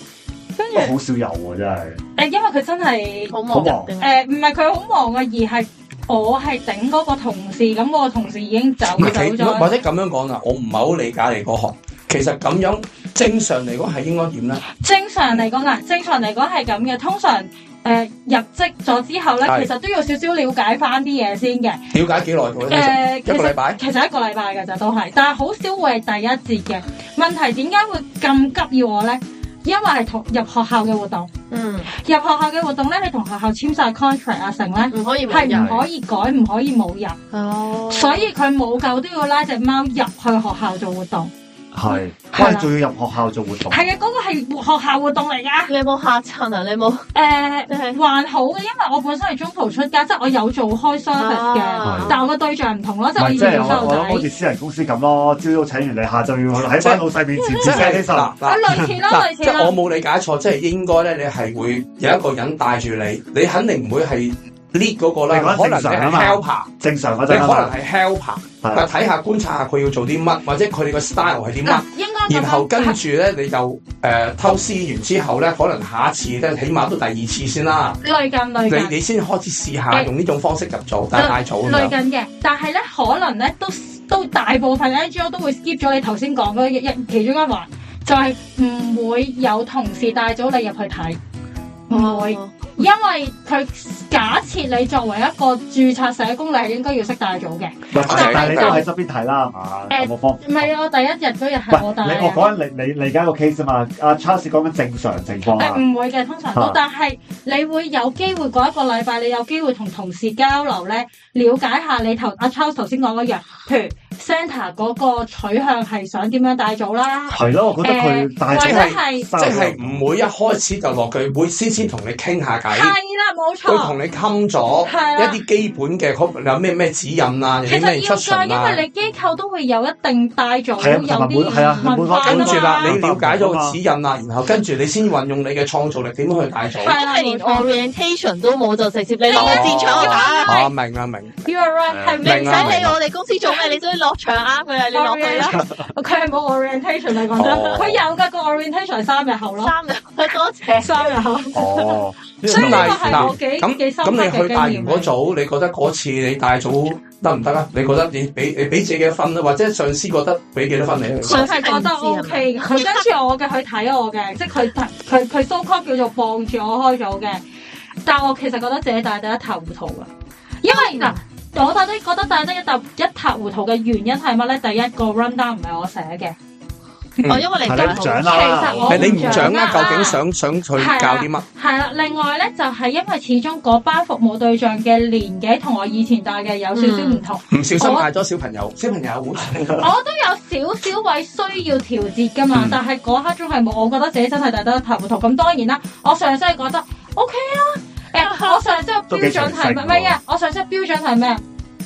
不過好少有喎，真係。誒，因為佢真係好忙。誒，唔係佢好忙啊，而係我係頂嗰個同事，咁個同事已經走咗。或者咁樣講啦，我唔係好理解你嗰行。其實咁樣正常嚟講係應該點咧？正常嚟講嗱，正常嚟講係咁嘅，通常。誒、呃，入職咗之後咧，其實都要少少了解翻啲嘢先嘅。了解幾耐嘅誒，一個禮拜，其實一個禮拜嘅咋都係，但係好少會係第一節嘅。問題點解會咁急要我咧？因為係同入學校嘅活動。嗯，入學校嘅活動咧，你同學校簽晒 contract 啊成呢，成咧，唔可以係唔可以改，唔可以冇入。哦，所以佢冇狗都要拉隻貓入去學校做活動。係，哇！仲要入學校做活動。係啊，嗰、那個係學校活動嚟㗎。你有冇下晝啊？你冇？誒、呃，還好嘅，因為我本身係中途出家，即、就、係、是、我有做開 service 嘅，但係我個對象唔同咯，就我，我，我我好似私人公司咁咯，朝早請完你，下晝要去喺班老細面前展示啦。類似咯，類似，類似，類似我冇理解錯，即、就、係、是、應該咧，你係會有一個人帶住你，你肯定唔會係。lead 個咧，可能係 helper，正常或者可能係 helper，但睇下觀察下佢要做啲乜，或者佢哋個 style 係點啦。然後跟住咧、啊，你就誒、呃、偷試完之後咧，可能下一次即起碼都第二次先啦。累緊累你你先開始試下用呢種方式入組，但太早咁樣。累緊嘅，但係咧可能咧都都大部分 agent 都會 skip 咗你頭先講嗰一其中一環，就係、是、唔會有同事帶咗你入去睇，唔、哦、會。哦因為佢假設你作為一個註冊社工，你係應該要識帶組嘅。但你都喺側邊睇啦，係、呃、嘛？有冇方？唔、呃、係我第一日嗰日係我帶你我講緊你，你而家個 case 啊嘛，阿、啊、Charles 講緊正常情況。誒唔、啊呃、會嘅，通常都。但係你會有機會嗰、啊、一個禮拜，你有機會同同事交流咧，了解下你頭阿 Charles 頭先講嗰樣。譬如 Centre 嗰個取向係想點樣帶組啦？係咯，我覺得佢帶組係即係唔會一開始就落佢，會先先同你傾下。係啦，冇錯。佢同你襟咗一啲基本嘅，有咩咩指引啊，有啲咩出其實要嘅，因為你機構都會有一定帶組，會有啲唔同嘅。係啊，跟住啦。你了解咗個指引啊，然後跟住你先運用你嘅創造力帶，點去帶組？係啦，連 orientation 都冇就直接你自取啦。我明啦，明。You are right，係。明唔使、right, 你我哋公司做咩、 [LAUGHS] 啊，你都要落場佢、啊、嘅，你落去啦。佢係冇 orientation 你講得？佢、哦、有噶、個 orientation 三日後咯。三日後多謝。三日後。 [LAUGHS] [LAUGHS] 所以嗱，咁咁你去大完嗰組，你覺得嗰次你大組得唔得啊？你覺得你，你俾誒俾自己幾多分啊？或者上司覺得俾幾多分你？上司覺得 O K，佢跟住我嘅，佢 [LAUGHS] 睇我嘅，即係佢佢佢 so call 叫做傍住我開組嘅。但係我其實覺得自己大得一塌糊塗嘅。因為嗱、嗯啊，我大得我覺得大得一塌一塌糊塗嘅原因係乜咧？第一個 run down 唔係我寫嘅。我、嗯、因為你得唔同，其實我唔係你唔掌握究竟想、啊、想去教啲乜？係啦、啊啊，另外咧就係、是、因為始終嗰班服務對象嘅年紀同我以前大嘅有少少唔同。唔、嗯、小心太多小朋友，小朋友會。我都有少少位需要調節噶嘛。嗯、但係嗰刻仲係我覺得自己真係大得拍唔同。咁當然啦，我上身覺得 O K 啦。誒、OK 啊啊啊，我上身嘅標準係乜乜嘢？我上身標準係咩？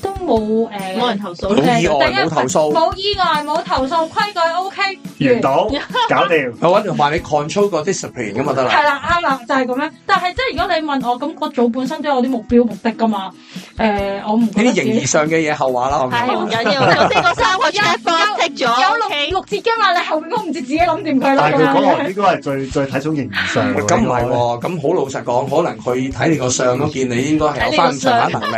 都冇誒，冇、呃、人投訴，冇意外，冇投訴，冇意外，冇投訴，規矩 O K，完到搞掂， [LAUGHS] 我搵埋你 control discipline 咁啊得啦，係啦、啱啦，就係、是、咁樣。但係即係如果你問我，咁個組本身都有啲目標目的噶嘛？誒、呃，我唔，呢啲形而上嘅嘢後話啦，係， [LAUGHS] 好緊要。頭先個三我 check 咗，有六 [LAUGHS] 六字姜啊，你後面都唔知自己諗掂佢啦。可應該係最 [LAUGHS] 最睇重形而上。咁唔係，咁好老實講，可能佢睇你個相都見 [LAUGHS] 你應該係有翻下能力，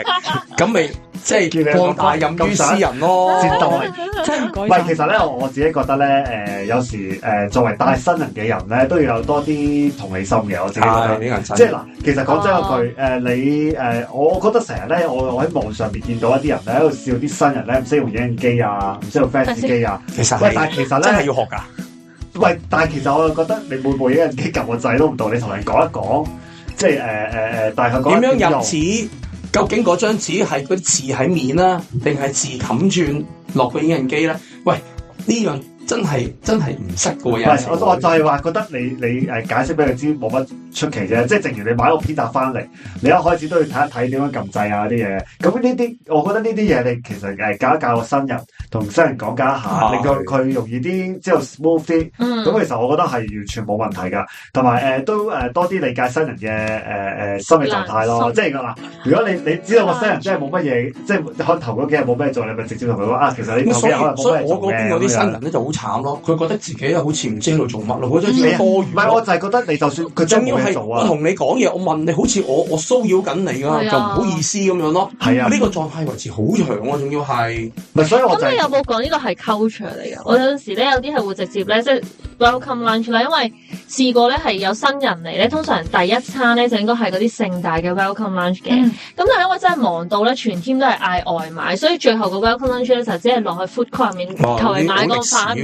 咁 [LAUGHS] 未。 [LAUGHS] [LAUGHS] 即係叫你過大任於斯人咯、哦，真唔唔係，其實咧，我自己覺得咧，誒、呃，有時誒、呃，作為帶新人嘅人咧，都要有多啲同理心嘅。我自己即係嗱，其實講真一句，誒、啊呃，你誒，我、呃、我覺得成日咧，我我喺網上邊見到一啲人咧喺度笑啲新人咧唔識用影印機啊，唔識用 fax 機啊。其實但係其實咧係要學噶。喂，但係其實我又覺得你每部影印機撳個掣都唔同，你同人講一講，即係誒誒誒，但係佢講點樣究竟嗰張紙係嗰啲字喺面啦，定係字冚轉落個影印機呢？喂，呢樣～真係真係唔識嘅，我我就係話覺得你你誒解釋俾佢知冇乜出奇啫。即係正如你買個編答翻嚟，你一開始都要睇一睇點樣撳掣啊啲嘢。咁呢啲，我覺得呢啲嘢你其實誒教一教個新人，同新人講解一下，令佢佢容易啲，之後 smooth 啲。咁、嗯、其實我覺得係完全冇問題噶，同埋誒都誒、呃、多啲理解新人嘅誒誒心理狀態咯。即係話，如果你你知道個新人真係冇乜嘢，即係開頭嗰幾日冇咩做，你咪直接同佢講啊。其實你頭幾日可能冇咩做啊？咁我啲新人咧就慘咯！佢覺得自己好似唔知喺度做乜咯，嗰種多馀。唔、嗯、係我就係覺得你就算佢，仲要係我同你講嘢，我問你好似我我騷擾緊你啊，就唔好意思咁樣咯。係啊，呢個狀態維持好長啊，仲要係所以我咁、就是、你有冇講呢個係 coaching 嚟噶？我有陣時咧，有啲係會直接咧，即、就、係、是、welcome lunch 啦。因為試過咧係有新人嚟咧，通常第一餐咧就應該係嗰啲盛大嘅 welcome lunch 嘅。咁、嗯、但係因為真係忙到咧，全 team 都係嗌外賣，所以最後個 welcome lunch 咧就只係落去 food court 入面，啊、求嚟買個飯。好耐我都冇聽過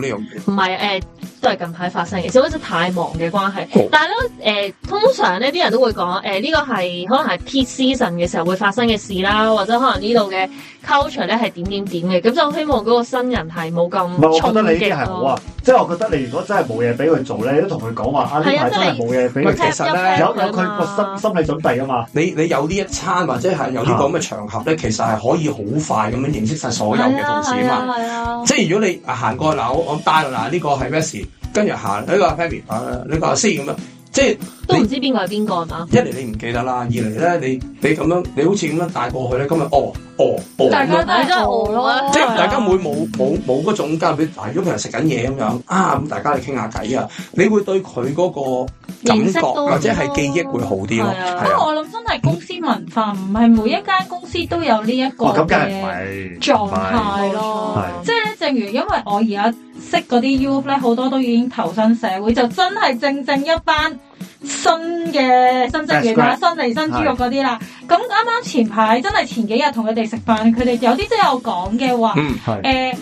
呢樣嘢，唔係誒，都係近排發生嘅，只不過太忙嘅關係。Oh. 但係咧誒，通常咧啲人都會講誒，呢、呃這個係可能係 p e t Season 嘅時候會發生嘅事啦，或者可能呢度嘅 culture 咧係點點點嘅。咁就希望嗰個新人係冇咁重嘅。我覺得你嘅係好啊。即係我覺得你如果真係冇嘢俾佢做咧，你都同佢講話啊！呢排真係冇嘢俾佢。做、就是。其實咧，有有佢個心心理準備噶嘛。你你有呢一餐或者、就是、有呢個咁、啊、嘅場合咧，其實係可以好快咁樣認識晒所有嘅同事啊嘛。係啊。即係如果你行過樓，我帶嗱呢個係咩事？跟住行呢個阿 Fanny，啊呢、這個阿 C 咁樣即係都唔知邊個係邊個啊嘛？一嚟你唔記得啦，二嚟咧你你咁樣你好似咁樣帶過去咧，今日哦哦，哦，大家、哦哦就是、大家哦咯，即、嗯、係、嗯啊、大家會冇冇冇嗰種，假如嗱，通常食緊嘢咁樣啊，咁大家去傾下偈啊，你會對佢嗰個感覺或者係記憶會好啲咯。不過、啊啊、我諗真係公司文化唔係、嗯、每一間公司都有呢一個嘅狀態咯。即係咧，哦就是、正如因為我而家識嗰啲 U of 咧，好多都已經投身社會，就真係正正一班。新嘅新職員啦，Escribe? 新嚟新豬肉嗰啲啦。咁啱啱前排真係前幾日同佢哋食飯，佢哋有啲真有講嘅話，誒、嗯，呃，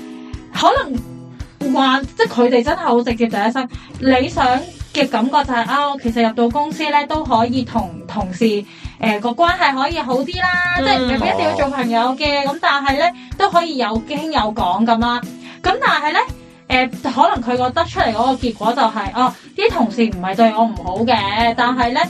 可能話即係佢哋真係好直接第一身。理想嘅感覺就係、是、啊，我其實入到公司咧都可以同同事誒、呃、個關係可以好啲啦，嗯、即係未必一定要做朋友嘅。咁、哦、但係咧都可以有傾有講咁啦。咁但係咧。誒、呃、可能佢覺得出嚟嗰個結果就係、是，哦啲同事唔係對我唔好嘅，但係呢，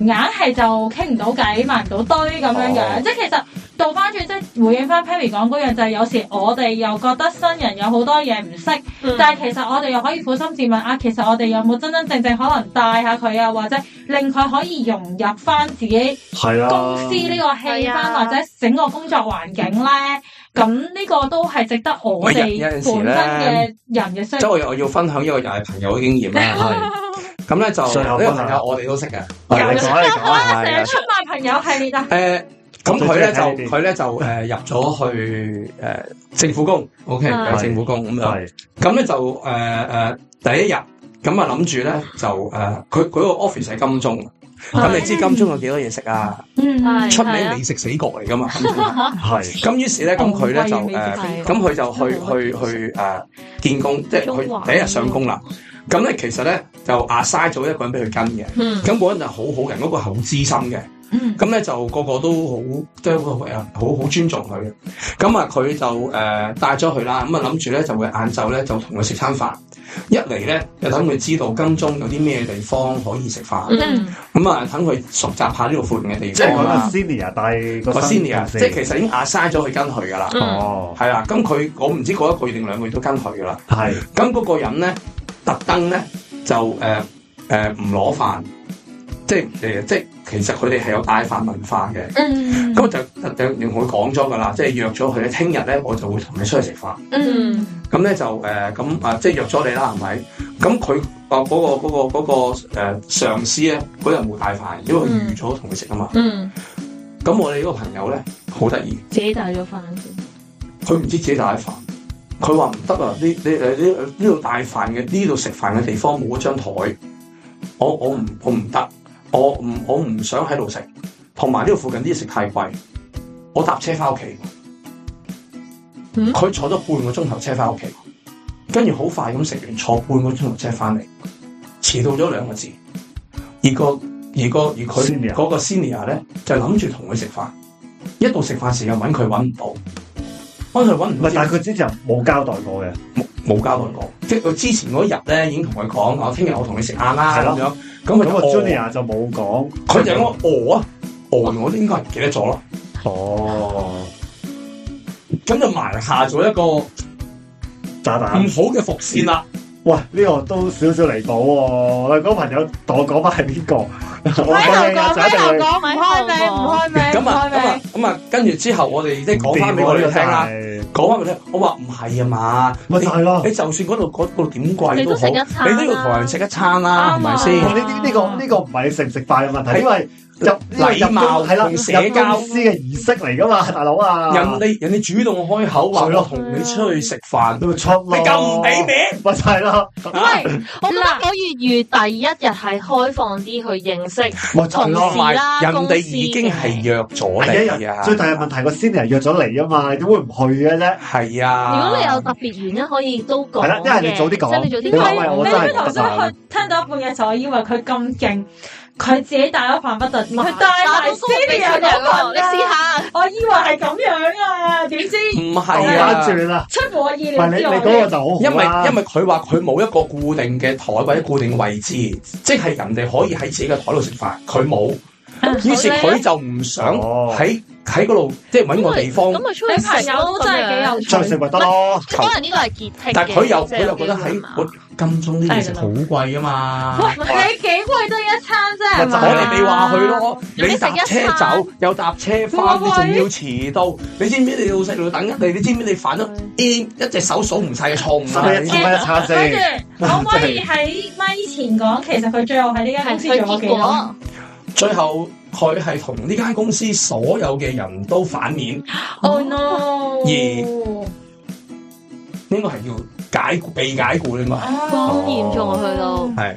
硬係就傾唔到偈，埋唔到堆咁樣嘅、哦，即係其實。做翻轉，即係回應翻 Perry 講嗰樣，就係、是、有時我哋又覺得新人有好多嘢唔識，但係其實我哋又可以苦心自問啊，其實我哋有冇真真正正可能帶下佢啊，或者令佢可以融入翻自己公司呢個氣氛、啊、或者整個工作環境咧？咁呢、啊、個都係值得我哋本身嘅人嘅。即我要分享一個又係朋友嘅經驗啦。咁咧、啊啊、就呢、啊這個朋友我哋都識嘅，又、啊啊啊啊啊啊、成日出賣朋友系列、啊。咁佢咧就佢咧就誒入咗去誒政府工 [LAUGHS] ，OK 政府工咁樣。咁咧就誒誒、呃、第一日咁、呃、啊諗住咧就誒佢佢個 office 係金鐘，咁你知金鐘有幾多嘢食啊？嗯，出名美食死角嚟噶嘛，係咁於是咧咁佢咧就誒咁佢就去去去誒、啊、見工，即係佢第一日上工啦。咁咧、嗯、其實咧就阿嘥咗一個人俾佢跟嘅，咁、嗯、嗰、嗰個人係好好嘅，嗰、嗰個係好資深嘅。咁、嗯、咧就個個都好，都啊好好尊重佢。咁啊，佢、呃、就誒帶咗佢啦。咁啊，諗住咧就會晏晝咧就同佢食餐飯。一嚟咧就等佢知道跟蹤有啲咩地方可以食飯。嗯。咁啊，等佢熟習下呢個附近嘅地方啦。即係嗰個 senior 帶個 senior，即係其實已經阿晒咗佢跟佢噶啦。哦。係啦，咁佢我唔知過一個月定兩個月都跟佢噶啦。係。咁嗰個人咧，特登咧就誒誒唔攞飯。呃呃即係誒，即係其實佢哋係有帶飯文化嘅。嗯，咁就就就同佢講咗噶啦，即係、就是、約咗佢咧。聽日咧，我就會同你出去食飯。嗯，咁咧就誒，咁、呃、啊，即係約咗你啦，係咪？咁佢啊，嗰個、嗰個、嗰個、嗰個誒、嗰個呃、上司咧，嗰日冇帶飯，因為預咗同佢食啊嘛。嗯，咁我哋呢個朋友咧，好得意，自己帶咗飯先。佢唔知自己帶飯，佢話唔得啊！你你誒呢呢度帶飯嘅呢度食飯嘅地方冇張台，我我唔我唔得。我唔我唔想喺度食，同埋呢度附近啲嘢食太貴。我搭車翻屋企，佢、嗯、坐咗半個鐘頭車翻屋企，跟住好快咁食完，坐半個鐘頭車翻嚟，遲到咗兩個字。而個而個而佢個 senior 咧就諗住同佢食飯，一到食飯時間搵佢搵唔到，剛佢搵唔到。唔係，但係佢之前冇交代過嘅。冇交代過，即係我之前嗰日咧已經同佢講，我聽日我同你食晏啦咁樣，咁佢個 junior 就冇講，佢就講餓啊，餓我都應該唔記得咗咯。哦、嗯、咁、嗯嗯嗯嗯、就埋下咗一個炸彈，唔、嗯嗯、好嘅伏綫啦。喂，呢、這個都少少離譜喎。嗰、那個朋友同我講翻係邊個？喺度講，喺度講，唔開名，唔開名，唔開名。咁啊，咁啊，跟住、啊啊、之後我，我哋即係講翻俾我呢個聽啦，講翻佢聽。我話唔係啊嘛，咪就係咯。你就算嗰度嗰度點貴都好，你都要同人食一餐啦，啊，係咪先？呢啲呢個呢、呢個唔係你食唔食飯嘅問題，因為。入禮貌係啦，社交師嘅儀式嚟噶嘛，大佬啊！人哋人哋主動開口，係咯，同你出去食飯都要出你咁唔俾面，係、就、咯、是？唔係咁嗱， [LAUGHS] 我粵語第一日係開放啲去認識同事啦，人哋已經係約咗你啊、哎！最大嘅問題，個 Senior 約咗你啊嘛，點會唔去嘅啫？係啊！如果你有特別原因，可以都講係係啦，一為、啊、你早啲講，因、就、為、是、我真係頭先去聽到一半嘅時候，我以為佢咁勁。佢自己帶咗飯乜特？佢帶埋書嚟啊！你試下，我以為係咁樣啊，點知唔係啊？轉啦，出乎我意料之外嘅嘢啊。因為因為佢話佢冇一個固定嘅台或者固定嘅位置，即係人哋可以喺自己嘅台度食飯，佢冇。啊、於是佢就唔想喺喺嗰度，即係揾個地方。咁咪出去食飯咯。即可能呢個係潔癖，但佢又佢又覺得喺我金鐘啲嘢食好貴啊嘛。哇！你幾貴都一餐啫？就是、我哋未話佢咯？你搭車走又搭車翻，你仲要遲到。你知唔知你老細度等緊你？你知唔知你犯咗一隻手數唔晒嘅錯誤啊！可唔可以喺咪前講，其實佢最後喺呢間公司做最後佢係同呢間公司所有嘅人都反面，oh，no. 而呢個係要解被解雇啊嘛，咁嚴重去到係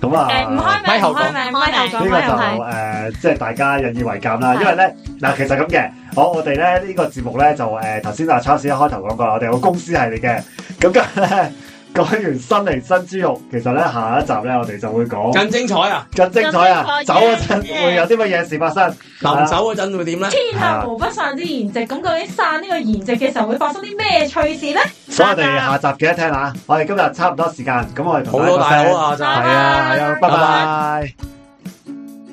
咁啊，唔、啊、開名，後不開頭講，開頭講，呢、這個就誒，即係、呃就是、大家引以為鑒啦。因為咧嗱，其實咁嘅，好，我哋咧呢、這個節目咧就誒，頭先阿 Charles 一開頭講過，我哋個公司係你嘅，咁講完新嚟新豬肉，其實咧，下一集咧我哋就會講更、啊、更精彩啊，更精彩啊！走嗰陣會有啲乜嘢事發生？臨走嗰陣會點咧、啊？天下無不散之筵席，咁究竟散呢個筵席嘅時候會發生啲咩趣事咧？所、啊、以、啊、我哋下集記得聽吓、啊，我哋今日差唔多時間，咁我哋好多大好下載，係啊，係啊，拜拜。拜拜。